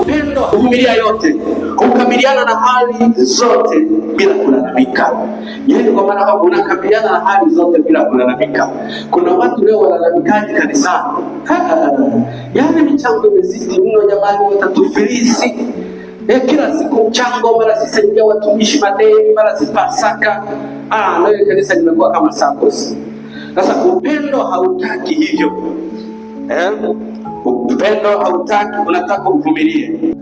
upendo huvumilia yote, kukabiliana na hali zote bila kulalamika. Yaani kwa maana hapo unakabiliana na hali zote bila kulalamika. Kuna watu leo walalamikaji kanisani, yaani michango imezidi mno, jamani, watatufilisi E, kila siku mchango, mara sisaidia watumishi madeni, mara sipasaka. Pasaka. Ah, nayo kanisa limekuwa kama SACCOS sasa. Upendo hautaki hivyo eh? upendo hautaki, unataka uvumilie.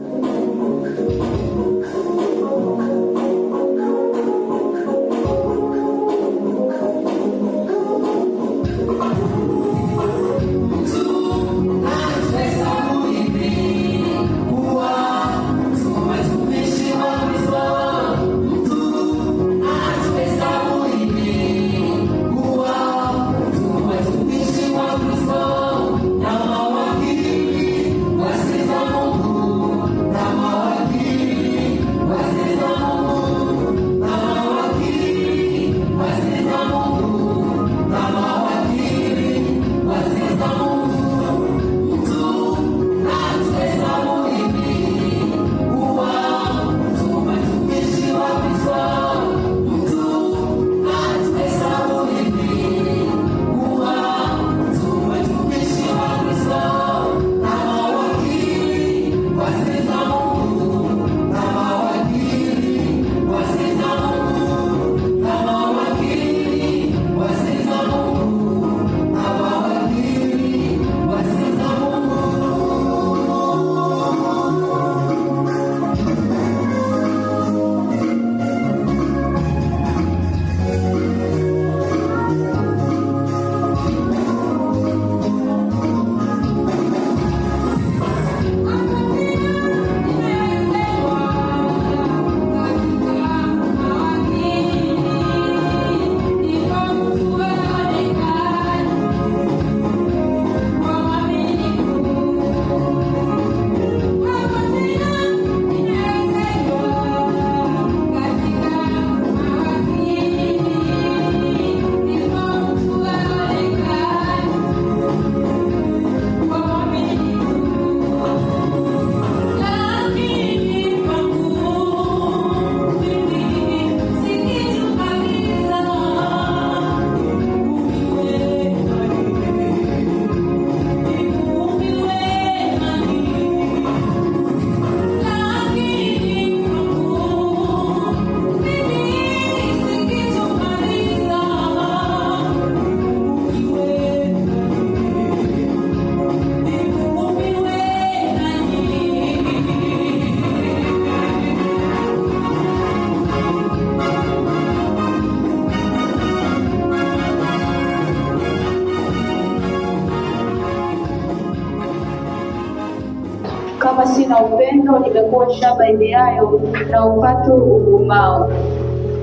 kuosha shaba yayo na upatu ugumao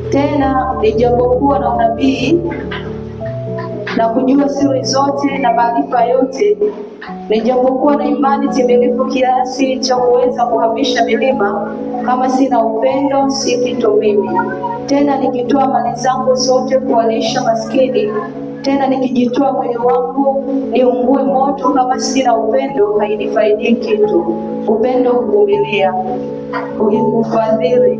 Tena ijapokuwa na unabii na kujua siri zote na maarifa yote, nijapokuwa na imani timilifu kiasi cha kuweza kuhamisha milima, kama sina upendo, si kitu mimi. Tena nikitoa mali zangu zote kuwalisha maskini tena nikijitoa mwili wangu niungue moto, kama sina upendo hainifaidii kitu. Upendo huvumilia, hufadhili,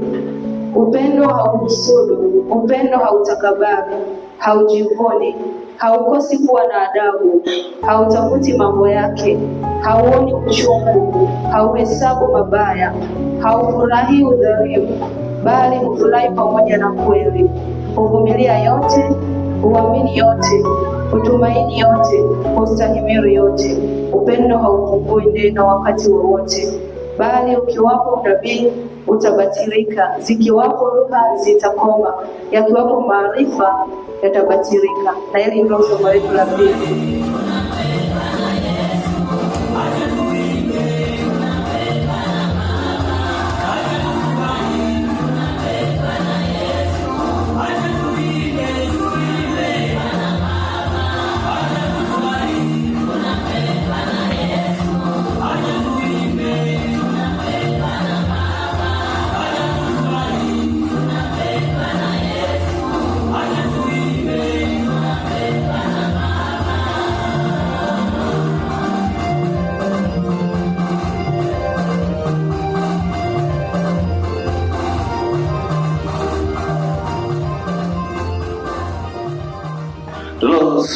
upendo hauhusudu, upendo hautakabari, haujivuni, haukosi kuwa na adabu, hautafuti mambo yake, hauoni uchungu, hauhesabu mabaya, haufurahii udhalimu, bali hufurahi pamoja na kweli, huvumilia yote uamini yote, utumaini yote, ustahimili yote. Upendo haupungui neno wakati wowote, bali ukiwapo unabii utabatilika, zikiwapo lugha zitakoma, yakiwapo maarifa yatabatilika. Na hili ndio somo letu la pili.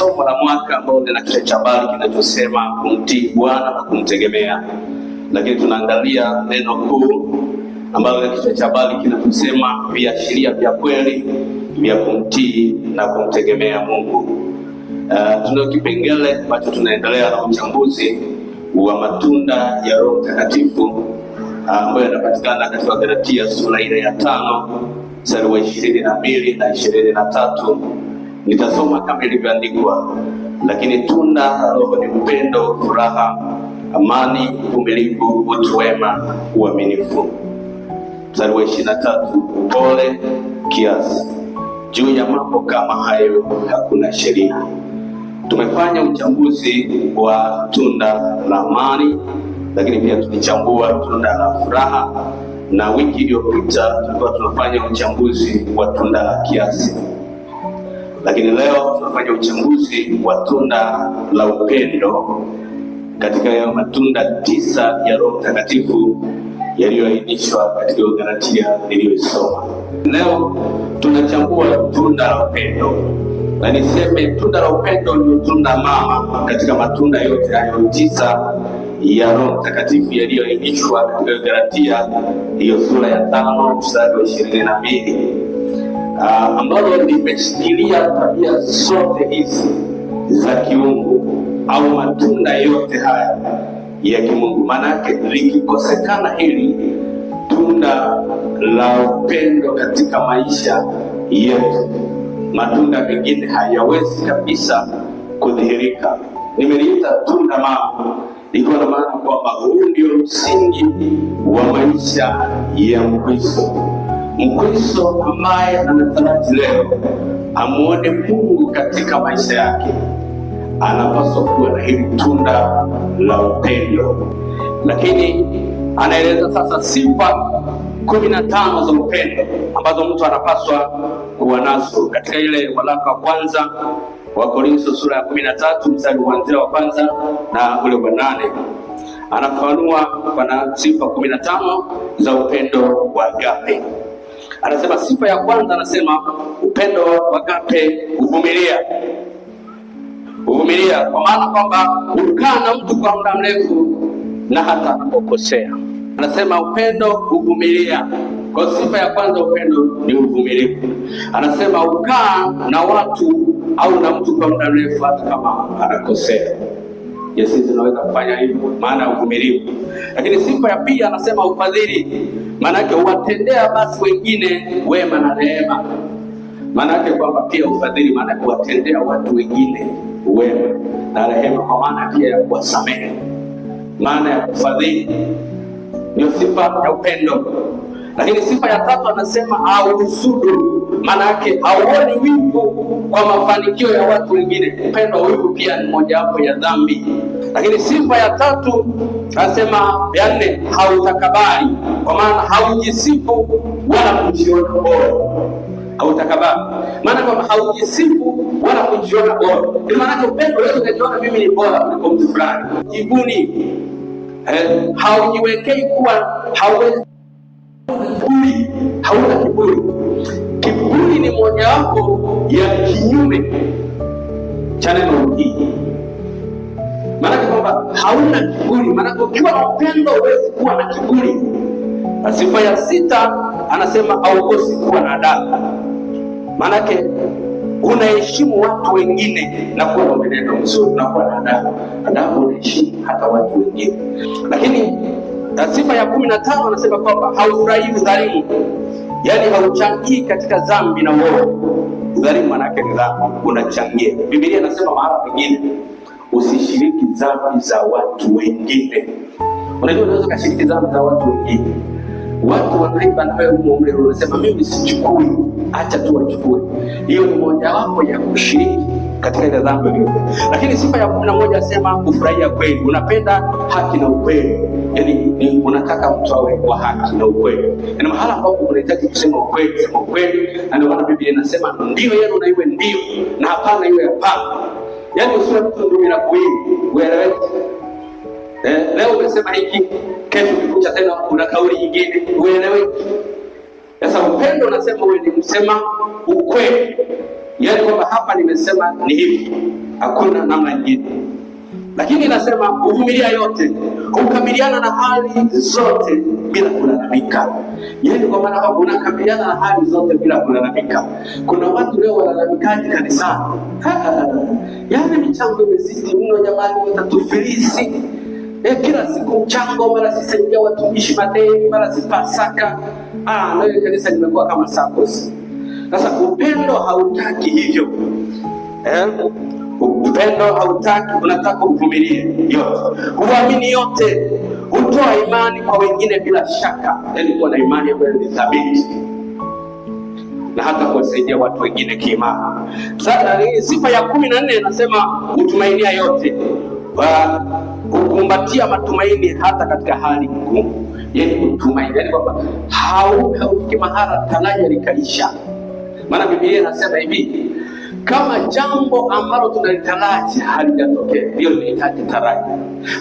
somo la mwaka ambao lina kichwa cha habari kinachosema kumtii Bwana na kumtegemea, lakini tunaangalia neno kuu ambalo kichwa cha habari kinachosema viashiria vya kweli vya kumtii na kumtegemea Mungu. Uh, eh, tunao kipengele ambacho tunaendelea na uchambuzi wa matunda ya Roho Mtakatifu ah, ambayo uh, yanapatikana katika Galatia sura ile ya tano mstari wa ishirini na mbili na ishirini na tatu Nitasoma kama ilivyoandikwa, lakini tunda la Roho ni upendo, furaha, amani, uvumilivu, utu wema, uaminifu. Mstari wa ishirini na tatu, upole, kiasi. Juu ya mambo kama hayo hakuna sheria. Tumefanya uchambuzi wa tunda la amani, lakini pia tulichambua tunda la furaha, na wiki iliyopita tulikuwa tunafanya uchambuzi wa tunda la kiasi. Lakini leo tunafanya uchambuzi wa tunda la upendo katika hayo matunda tisa ya Roho Mtakatifu yaliyoainishwa katika Galatia iliyoisoma Leo tunachambua tunda la upendo, na niseme tunda la upendo ndio tunda mama katika matunda yote hayo tisa ya Roho Mtakatifu yaliyoainishwa katika Galatia hiyo sura ya tano mstari wa ishirini na mbili uh, ambalo limeshikilia tabia zote hizi za kiungu au matunda yote haya ya kimungu. Maana yake likikosekana hili tunda la upendo katika maisha yetu, matunda mengine hayawezi kabisa kudhihirika. Nimeliita tunda mama ikiwa na maana kwamba huu ndio msingi wa maisha ya Mkristo. Mkristo ambaye anataraji leo amuone Mungu katika maisha yake anapaswa kuwa na hili tunda la upendo, lakini anaeleza sasa sifa kumi na tano za upendo ambazo mtu anapaswa kuwa nazo katika ile waraka wa kwanza wa Korintho sura ya kumi na tatu mstari kuanzia wa kwanza na ule wa nane anafanua kwa sifa kumi na tano za upendo wa agape. Anasema sifa ya kwanza, anasema upendo wa agape huvumilia. uvumilia kwa maana kwamba ukaa na mtu kwa muda mrefu na hata kukosea. Anasema upendo huvumilia. Kwa sifa ya kwanza upendo ni uvumilivu. Anasema ukaa na watu au na mtu kwa muda mrefu hata kama anakosea sisi tunaweza kufanya hivyo, maana ya uvumilivu. Lakini sifa ya pili anasema ufadhili, maana yake huwatendea basi wengine wema na neema. Maana yake kwamba pia ufadhili, maana kuwatendea watu wengine wema na rehema, kwa maana pia ya kuwasamehe. Maana ya ufadhili ndio sifa ya upendo. Lakini sifa ya tatu anasema au usudu manake hauoni wivu kwa mafanikio ya watu wengine. Upendo wa wivu pia ni mojawapo ya dhambi. Lakini sifa ya tatu nasema ya nne, hautakabari, kwa maana haujisifu wala kujiona bora. Hautakabari maana kwamba haujisifu wala kujiona bora, ni maanake upendo wewe unajiona mimi ni bora kuliko mtu fulani, jivuni eh, haujiwekei kuwa hauna kiburi Nguli ni mojawapo ya kinyume cha neno hili, maanake kwamba hauna kiburi, maanake ukiwa na upendo huwezi kuwa na kiburi. Na sifa ya sita anasema haukosi kuwa na adabu, maanake unaheshimu watu wengine na kuwa na mwenendo mzuri na kuwa na adabu. Adabu unaheshimu hata watu wengine. Lakini sifa ya kumi na tano anasema kwamba haufurahii udhalimu yani hauchangii katika dhambi na uovu. Udhalimu manake ni dhambi, unachangia. Biblia inasema mahala pengine usishiriki dhambi za watu wengine. Unajua, unaweza kashiriki dhambi za watu wengine, watu wanaiba na wewe umo mle, unasema mimi sichukui, acha tu wachukue. Hiyo ni mojawapo ya kushiriki katika ile dhambi uliyotenda. Lakini sifa ya kumi na moja asema kufurahia kweli, unapenda haki na ukweli, yani ni unataka mtu awe wa haki na ukweli, yani mahala ambapo unahitaji kusema ukweli, sema ukweli. Na ndio maana Biblia inasema ndio yenu na iwe ndio na hapana iwe hapana, yani usiwe mtu ndumi na kuini, ueleweke. Eh, leo umesema hiki, kesho kikucha tena una kauli nyingine, uelewe. Sasa upendo unasema uwe ni msema ukweli hapa nimesema ni hivi, hakuna namna nyingine. Lakini nasema kuvumilia yote, kukabiliana na hali zote bila kulalamika. Yaani kwa maana hapo unakabiliana na hali zote bila kulalamika. Kuna watu leo wanalalamikaji kanisani, yaani michango imezidi mno, jamani, watatufilisi E, kila siku mchango, mara sisaidia watumishi madeni, mara si Pasaka. Ah, nayo kanisa limekuwa kama sakosi. Sasa upendo hautaki hivyo eh? Upendo hautaki, unataka uvumilie yote, uamini yote, utoa imani kwa wengine bila shaka, yaani kuwa na imani ambayo ni thabiti na hata kuwasaidia watu wengine kiimani. Sasa sifa ya kumi na nne inasema utumainia yote, hukumbatia matumaini hata katika hali ngumu, yaani kutumaini, yaani kwamba hauki mahali talaya likaisha maana Biblia inasema hivi, kama jambo ambalo tunalitaraji halijatokea, hiyo linahitaji taraji.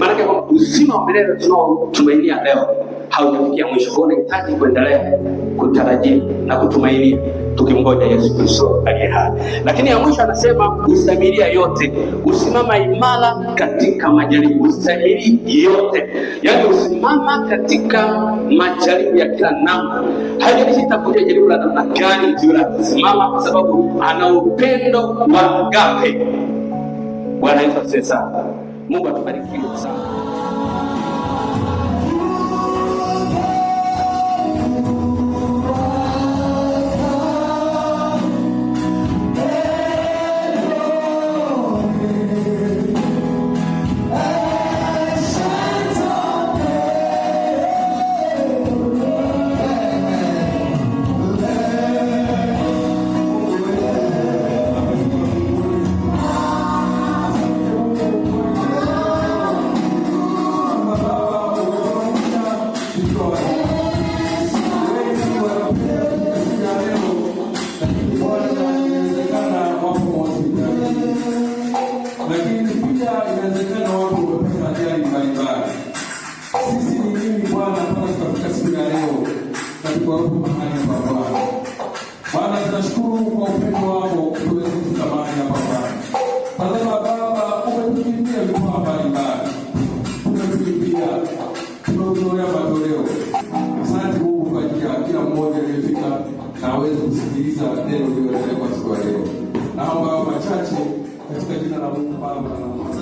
Maana kwa uzima wa milele tunaotumainia leo haujafikia mwisho, kwa unahitaji kuendelea kutarajia na kutumainia tukimngoja Yesu Kristo aliye hai. Lakini ya mwisho anasema usamiria yote, usimama imara katika majaribu. Ustahimili yote, yaani usimama katika majaribu ya kila namna. Haijalishi itakuja jaribu la namna gani, juu la kusimama, kwa sababu ana upendo wa agape. Bwana Yesu asifiwe sana. Mungu atubariki sana. பாவம்